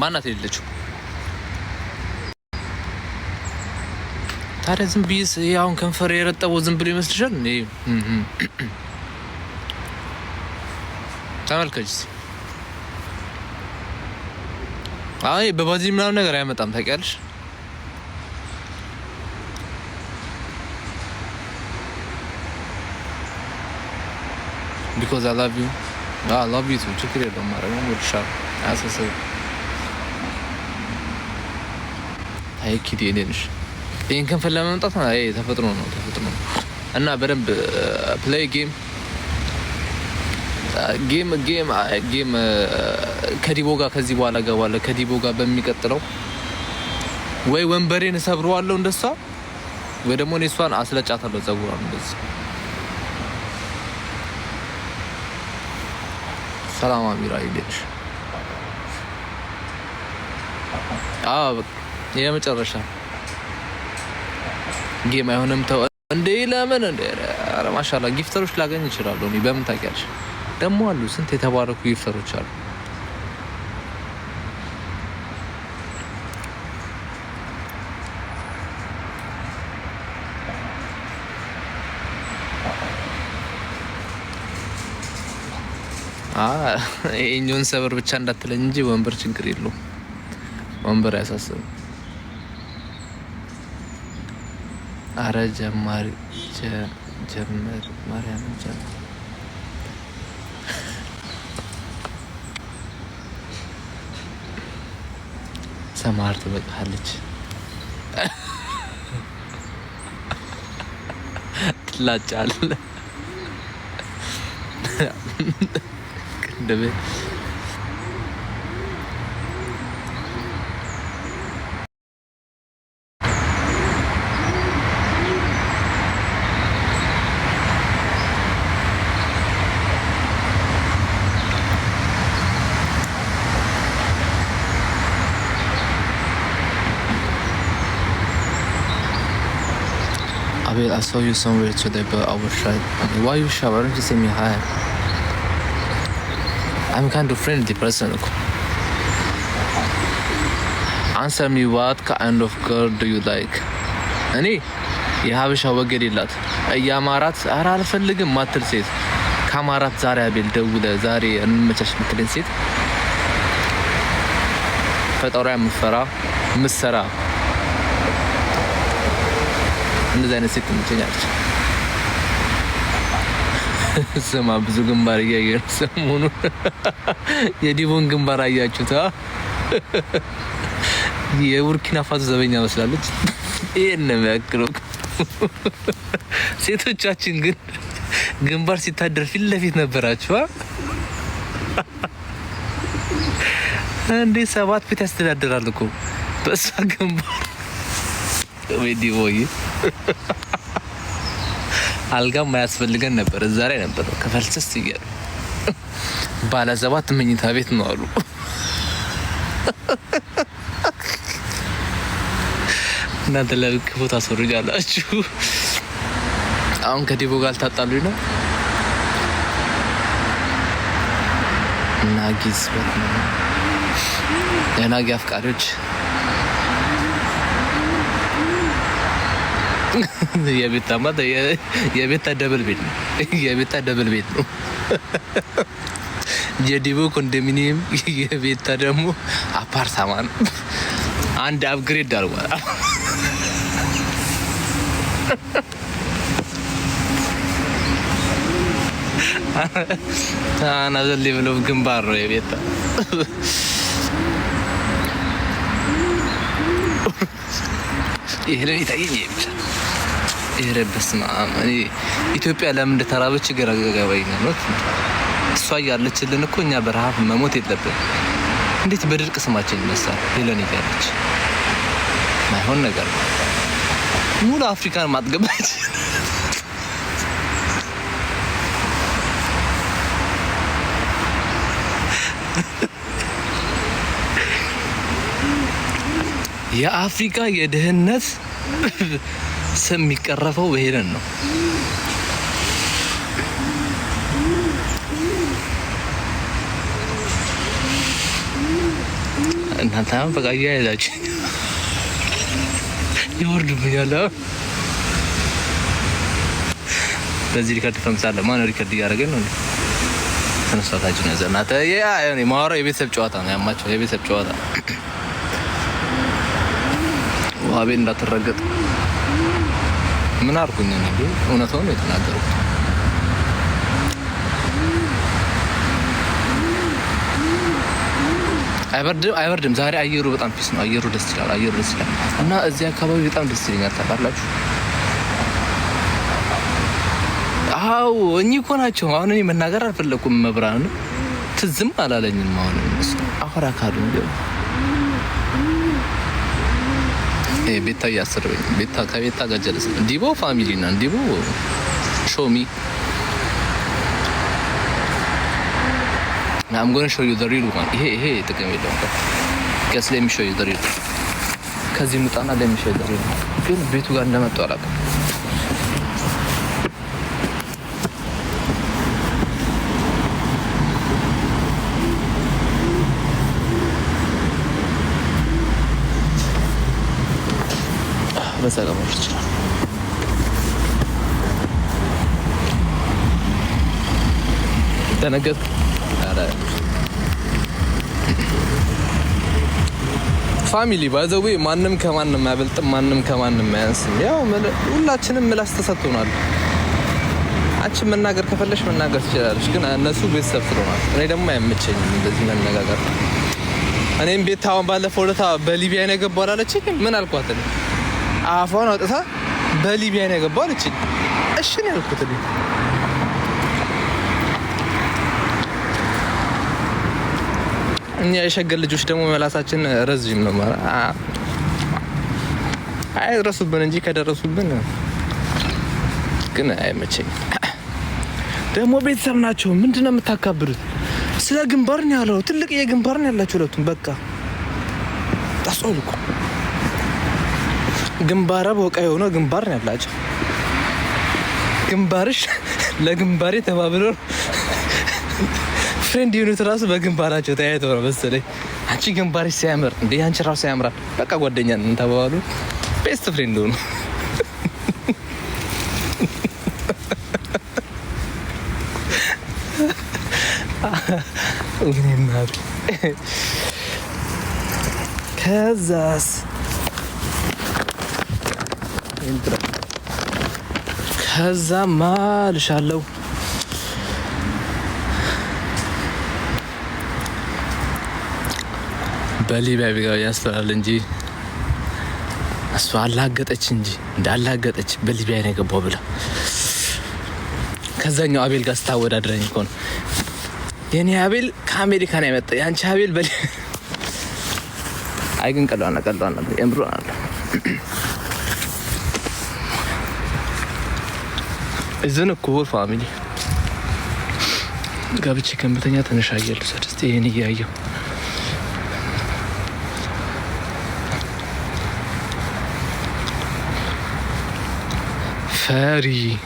ማናት የሌለችው? ታዲያ ዝም ብዬ አሁን ከንፈር የረጠበው ዝም ብሎ ይመስልሻል? እኔ ተመልከች። አይ በባዚ ምናምን ነገር አያመጣም። ታውቂያለሽ ቢኮዝ አይ ላቭ ዩ አይ ላቭ ዩ ቱ ችግር የለውም። ማረግ ነው ወድሻል አያሳስብም አይ ኪድ የኔ ይህን ክንፍን ለመምጣት ተፈጥሮ ነው ተፈጥሮ ነው እና በደንብ ፕሌይ ጌም ጌም ጌም ጌም ከዲቦ ጋር ከዚህ በኋላ ገባለ ከዲቦ ጋር በሚቀጥለው ወይ ወንበሬን እሰብረዋለሁ እንደሷ ወይ ደግሞ እኔ እሷን አስለጫታለሁ ጸጉሯን እንደዚህ ሰላም አሚራ ይልሽ አዎ በቃ የመጨረሻ ጌም አይሆንም። ተው እንዴ! ለምን እንዴ? ማሻላ ጊፍተሮች ላገኝ ይችላሉ። እኔ በምን ታውቂያለሽ? ደግሞ አሉ ስንት የተባረኩ ጊፍተሮች አሉ። የእኛውን ሰብር ብቻ እንዳትለኝ እንጂ ወንበር ችግር የለውም። ወንበር አያሳስብም። አረ ጀማሪ ጀመር ማርያም ጀመር ሰማር ትበቃለች ትላጫለ ቅድሜ Jibril, I saw you somewhere today, but I was shy. Why you shy? Why don't you say me hi? I'm kind of friendly person. አንሰር ሚ ዋት ካይንድ ኦፍ ገርል ዱ ዩ ላይክ? እኔ የሀበሻ ወገድ የላት እያማራት ኧረ አልፈልግም ማትል ሴት ከአማራት ዛሬ አቤል ደውለ ዛሬ እንመቻች ምትልን ሴት ፈጠሯ የምትፈራ ምትሰራ እንደዚህ አይነት ሴት ትመቸኛለች። ስማ ብዙ ግንባር እያየ ሰሞኑን የዲቦን ግንባር አያችሁታ? የቡርኪና ፋሶ ዘበኛ መስላለች። ይሄን ነው የሚያክለው። ሴቶቻችን ግን ግንባር ሲታደር ፊት ለፊት ነበራችሁ እንዴ? ሰባት ቤት ያስተዳድራል እኮ በእሷ ግንባር ወይ ዲቦዬ አልጋ ማያስፈልገን ነበር። እዛ ላይ ነበር ከፈልስስ እያሉ ባለ ሰባት መኝታ ቤት ነው አሉ። እናንተ ለብክ ቦታ አስወርጃላችሁ። አሁን ከዲቦ ጋር ታጣሉ ነው እና ጊዝ ናጊ አፍቃሪዎች ማ የቤታ ደብል ቤት ነው። የቤታ ደብል ቤት ነው። የዲቦ ኮንዶሚኒየም የቤታ ደግሞ አፓርታማ ነው። አንድ አፕግሬድ አድርጓል። አናዘል ሌቭሎፍ ግንባር ነው የቤታ ይሄ ለሚታየኝ የታየኝ ብቻ ኧረ በስመ አብ እኔ ኢትዮጵያ ለምን እንደተራበች ግራ ገባኝ። እሷ እያለችልን እኮ እኛ በረሃብ መሞት የለብን። እንዴት በድርቅ ስማችን ይነሳል? ሄለን እያለች ማይሆን ነገር ነው። ሙሉ አፍሪካን ማጥገባች የአፍሪካ የድህነት ስም የሚቀረፈው በሄደን ነው። እናንተ አሁን በቃ እያያዛችሁ ይወርድብኛል። በዚህ ሪከርድ ፈምሳለ ማን ሪከርድ እያደረገ ነው? ተነሳታችን ያዘ እናተ ተያ ማወራው የቤተሰብ ጨዋታ ነው ያማቸው የቤተሰብ ጨዋታ ዋቤ እንዳትረገጥ ምን አርጉኝ ነው እንዴ? እውነታውን ነው የተናገሩት። አይበርድም አይበርድም። ዛሬ አየሩ በጣም ፒስ ነው። አየሩ ደስ ይላል። አየሩ ደስ ይላል እና እዚህ አካባቢ በጣም ደስ ይለኛል። ታውቃላችሁ? አዎ እኚህ እኮ ናቸው። አሁን እኔ መናገር አልፈለኩም። መብራን ትዝም አላለኝም። አሁን አሁን አካሉ ቤታዬ አስር ቤታ ከቤታ ጋር ጀለስ ዲቦ ፋሚሊ ና ዲቦ ሾሚ አም ጎን ሾው ዩ ዘ ይሄ ይሄ ጥቅም የለውም። ከስ ለሚሾዩ ዘሪሉ ከዚህ ምጣና ለሚ ዘሪሉ ግን ቤቱ ጋር እንደመጡ አላውቅም። በዛ መኖር ይችላል። ደነገጥኩ። ፋሚሊ ባይዘዌ ማንም ከማንም አያበልጥም፣ ማንም ከማንም አያንስም። ያው ሁላችንም ምላስ ተሰጥቶናል። አንቺ መናገር ከፈለሽ መናገር ትችላለች፣ ግን እነሱ ቤተሰብ ስለሆናል። እኔ ደግሞ አይመቸኝም እንደዚህ መነጋገር። እኔም ቤት አሁን ባለፈው ለታ በሊቢያ ነው የገባው አላለችኝ። ምን አልኳት? አፏን አውጥታ በሊቢያ ነው የገባው አለችኝ። እሺ ነው ያልኩት። እኛ የሸገር ልጆች ደግሞ መላሳችን ረዥም ነው። አይድረሱብን እንጂ ከደረሱብን ግን አይመቸኝ። ደግሞ ቤተሰብ ናቸው። ምንድን ነው የምታካብዱት? ስለ ግንባር ነው ያለው። ትልቅ የግንባር ነው ያላችሁ ሁለቱም። በቃ ጣሶልኩ ግንባራ በወቃ የሆነ ግንባር ነው ያላቸው። ግንባርሽ ለግንባሬ ተባብሎ ፍሬንድ የሆኑት ራሱ በግንባራቸው ተያይተው ነው መሰለኝ። አንቺ ግንባርሽ ሲያምር እንደ አንቺ ራሱ ያምራል። በቃ ጓደኛ ነን ተባባሉ። ቤስት ፍሬንድ ሆኑ። ከዛስ ይንጥራል። ከዛማ ልሻለው በሊቢያ ቢጋው ያስፈራል እንጂ እሷ አላገጠች እንጂ እንዳላገጠች በሊቢያ ነው የገባው ብላ ከዛኛው አቤል ጋር ስታወዳድረኝ እኮ ነው። የኔ አቤል ከአሜሪካ ነው የመጣ የአንቺ አቤል በሊ አይ ግን ቀለዋና ቀለዋና ብሮ እዝን እኩር ፋሚሊ ጋብቼ ከምተኛ ትንሽ አየር ልውሰድ ይህን እያየው ፈሪ